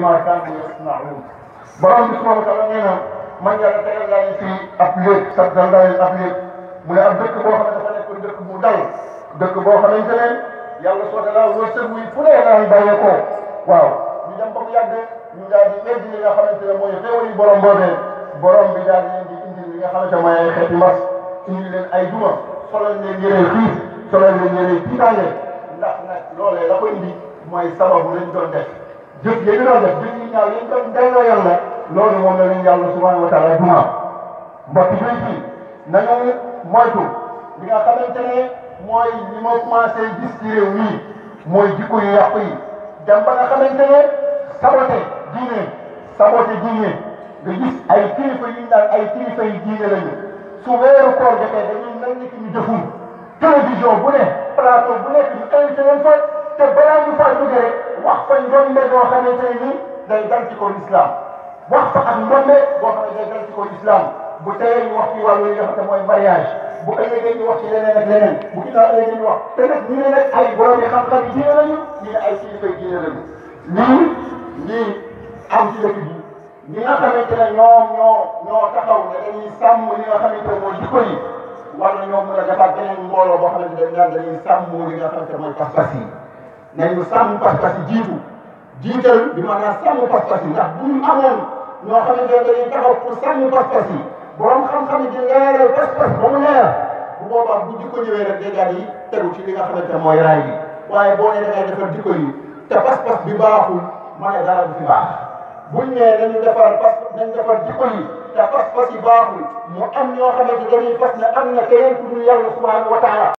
ma kaanu yasna'uun borom bi subhanahu wa taala nee man yàlla tegal naa leen fii ab léeg sax dal naa leen ab mu ne ab dëkk boo xam ne dafa nekk bu dal dëkk boo xamante ne yàlla soota laa wërsëg muy fu ko waaw ñu dem ba mu yàgg ñu daal li nga xamante ne mooy xéewal yi borom boobee borom di indi li nga xamante ne mooy ay xeeti mbas indi leen ay duma solal leen yére fii solal leen yére tiitaange ndax nag loolee la ko indi mooy sababu lañ doon def jëf yi bi doon def jëf yi ñaaw yi doon delloo yàlla loolu moom la ñu yàlla subhanahu wa taala duma mbokk yi fii nañu moytu li nga xamante ne mooy li ma commencé gis ci réew mi mooy jikko yu yi dem nga xamante ne sabote diine sabote diine nga gis ay kilifa yu ñu ay kilifa yu diine lañu su weeru koor jotee dañuy mel ki ñu jëfum télévision bu ne plateau bu nekk ñu invité leen fa te balaa ñu faa jóge rek wax fa njombe boo xamante ne nii day dal ci kaw islam wax fa ak njombe boo xam ne day dal ci kaw islam bu teyee ñu wax ci wàllu yi nga xam ne mooy mariage bu ëllëgee ñu wax ci leneen ak leneen bu ginnaaw ëllëgee ñu wax te nag ñu ne nag ay borom yi xam-xam yi diine lañu ñu ne ay kilifa yi diine lañu lii lii am ci dëkk bi ñi nga xamante ne ñoom ñoo ñoo taxaw ne dañuy sàmm li nga xamante ne mooy jikko yi war na ñoo mën a defaat beneen mbooloo boo xamante ne dañ naan dañuy sàmm li nga xamante ne mooy pas-pas yi nañ ñu sàmm pas-pas yi jiitu jiital bi maanaam sàmm pas-pas yi ndax bu ñu amoon ñoo xamante ne dañuy taxaw pour sàmm pas-pas yi xam-xam yi di leeral pas-pas ba mu leer bu boobaa bu jikko ñëwee rek day daal di tegu ci li nga xamante ne mooy raay bi waaye boo nee da ngay defar jikko yi te pas-pas bi baaxul ma ne dara du fi baax buñ nee nañu defar pas nañ defar te pas-pas am na keneen ku dul yàlla subhanahu wa taala